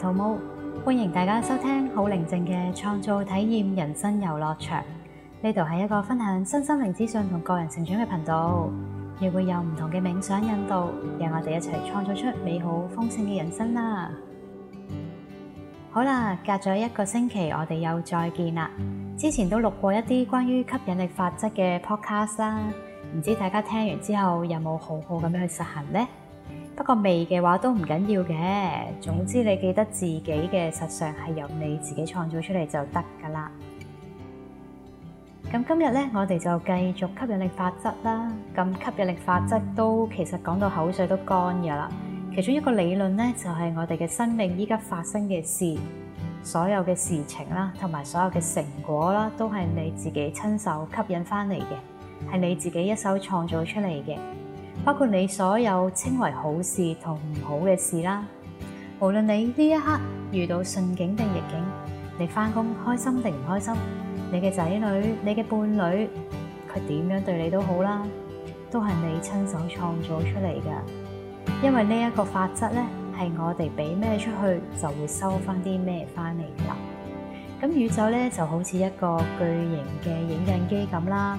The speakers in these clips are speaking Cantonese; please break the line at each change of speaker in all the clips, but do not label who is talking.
兔毛，歡迎大家收聽好寧靜嘅創造體驗人生遊樂場。呢度係一個分享身心靈資訊同個人成長嘅頻道，亦會有唔同嘅冥想引導，讓我哋一齊創造出美好豐盛嘅人生啦。好啦，隔咗一個星期，我哋又再見啦。之前都錄過一啲關於吸引力法則嘅 podcast 啦，唔知大家聽完之後有冇好好咁樣去實行呢？不過未嘅話都唔緊要嘅，總之你記得自己嘅實相係由你自己創造出嚟就得噶啦。咁今日咧，我哋就繼續吸引力法則啦。咁吸引力法則都其實講到口水都乾噶啦。其中一個理論咧，就係、是、我哋嘅生命依家發生嘅事，所有嘅事情啦，同埋所有嘅成果啦，都係你自己親手吸引翻嚟嘅，係你自己一手創造出嚟嘅。包括你所有稱為好事同唔好嘅事啦，無論你呢一刻遇到順境定逆境，你翻工開心定唔開心，你嘅仔女、你嘅伴侶，佢點樣對你都好啦，都係你親手創造出嚟嘅。因為呢一個法則咧，係我哋俾咩出去，就會收翻啲咩翻嚟㗎啦。咁宇宙咧就好似一個巨型嘅影印機咁啦。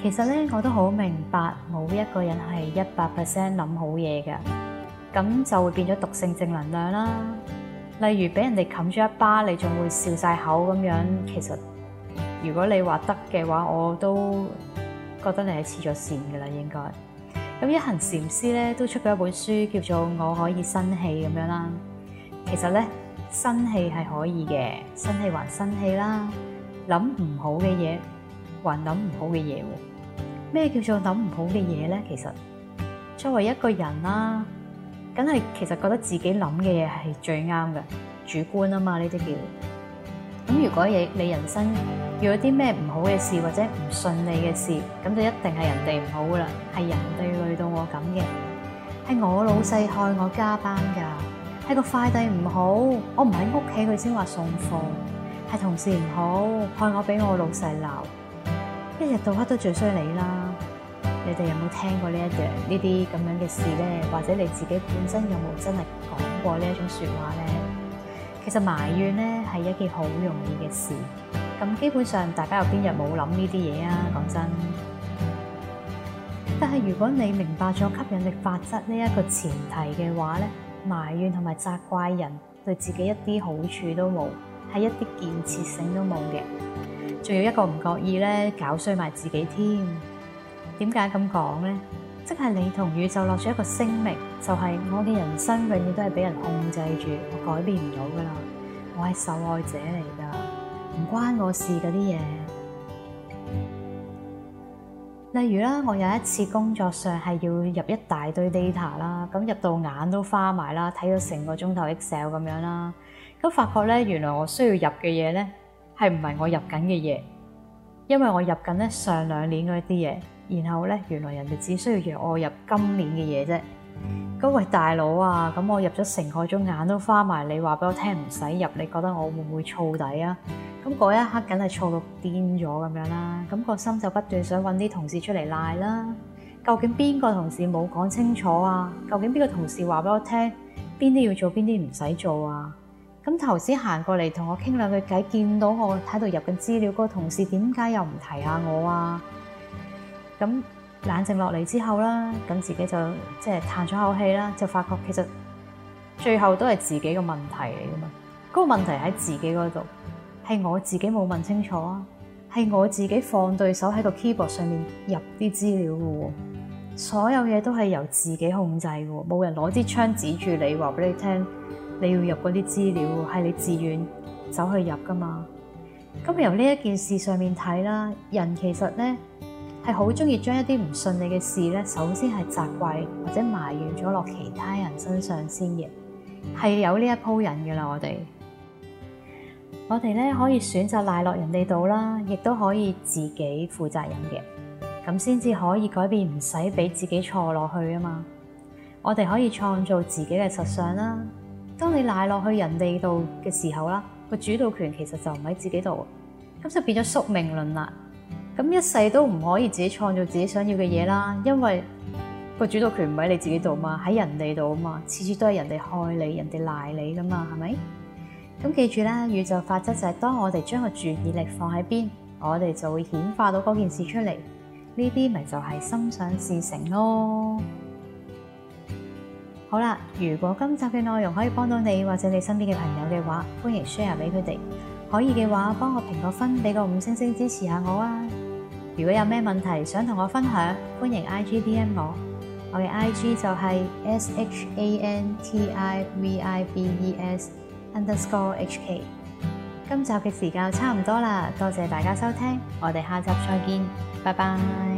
其實咧，我都好明白，冇一個人係一百 percent 諗好嘢嘅，咁就會變咗毒性正能量啦。例如俾人哋冚住一巴，你仲會笑晒口咁樣，其實如果你話得嘅話，我都覺得你係黐咗線噶啦，應該。咁一行禪師咧都出咗一本書，叫做《我可以生氣》咁樣啦。其實咧，生氣係可以嘅，生氣還生氣啦，諗唔好嘅嘢，諗唔好嘅嘢，咩叫做諗唔好嘅嘢咧？其實作為一個人啦，梗係其實覺得自己諗嘅嘢係最啱嘅，主觀啊嘛，呢啲叫咁。如果你你人生遇到啲咩唔好嘅事或者唔順利嘅事，咁就一定係人哋唔好噶啦，係人哋累到我咁嘅，係我老細害我加班噶，係個快遞唔好，我唔喺屋企佢先話送貨，係同事唔好害我俾我老細鬧。一日到黑都最衰你啦！你哋有冇聽過呢一樣呢啲咁樣嘅事呢？或者你自己本身有冇真係講過呢一種說話呢？其實埋怨呢係一件好容易嘅事。咁基本上大家有邊日冇諗呢啲嘢啊？講真，但係如果你明白咗吸引力法則呢一個前提嘅話呢，埋怨同埋責怪人對自己一啲好處都冇。係一啲建設性都冇嘅，仲要一個唔覺意咧搞衰埋自己添。點解咁講咧？即係你同宇宙落咗一個聲明，就係、是、我嘅人生永遠都係俾人控制住，我改變唔到噶啦。我係受害者嚟噶，唔關我事嗰啲嘢。例如啦，我有一次工作上係要入一大堆 data 啦，咁入到眼都花埋啦，睇到成個鐘頭 Excel 咁樣啦。咁發覺咧，原來我需要入嘅嘢咧，係唔係我入緊嘅嘢？因為我入緊咧上兩年嗰啲嘢，然後咧原來人哋只需要約我入今年嘅嘢啫。嗰位大佬啊，咁我入咗成個鐘眼都花埋，你話俾我聽唔使入，你覺得我會唔會燥底啊？咁嗰一刻梗係燥到癲咗咁樣啦，咁個心就不斷想揾啲同事出嚟賴啦。究竟邊個同事冇講清楚啊？究竟邊個同事話俾我聽邊啲要做，邊啲唔使做啊？咁頭先行過嚟同我傾兩句偈，見到我喺度入緊資料，個同事點解又唔提下我啊？咁冷靜落嚟之後啦，咁自己就即係嘆咗口氣啦，就發覺其實最後都係自己個問題嚟噶嘛。嗰個問題喺自己嗰度，係我自己冇問清楚啊，係我自己放對手喺個 keyboard 上面入啲資料噶喎，所有嘢都係由自己控制噶喎，冇人攞支槍指住你話俾你聽。你要入嗰啲資料係你自願走去入㗎嘛？咁由呢一件事上面睇啦，人其實咧係好鍾意將一啲唔順利嘅事咧，首先係責怪或者埋怨咗落其他人身上先嘅。係有呢一鋪人㗎喇，我哋我哋咧可以選擇賴落人哋度啦，亦都可以自己負責任嘅咁先至可以改變，唔使俾自己錯落去啊嘛。我哋可以創造自己嘅實相啦。當你賴落去人哋度嘅時候啦，個主導權其實就唔喺自己度，咁就變咗宿命論啦。咁一世都唔可以自己創造自己想要嘅嘢啦，因為個主導權唔喺你自己度嘛，喺人哋度啊嘛，次次都係人哋害你、人哋賴你㗎嘛，係咪？咁記住啦，宇宙法則就係當我哋將個注意力放喺邊，我哋就會顯化到嗰件事出嚟。呢啲咪就係心想事成咯～好啦，如果今集嘅內容可以幫到你或者你身邊嘅朋友嘅話，歡迎 share 俾佢哋。可以嘅話，幫我評個分，俾個五星星支持下我啊！如果有咩問題想同我分享，歡迎 IG DM 我，我嘅 IG 就係 shantivibes_hk。今集嘅時間差唔多啦，多謝大家收聽，我哋下集再見，拜拜。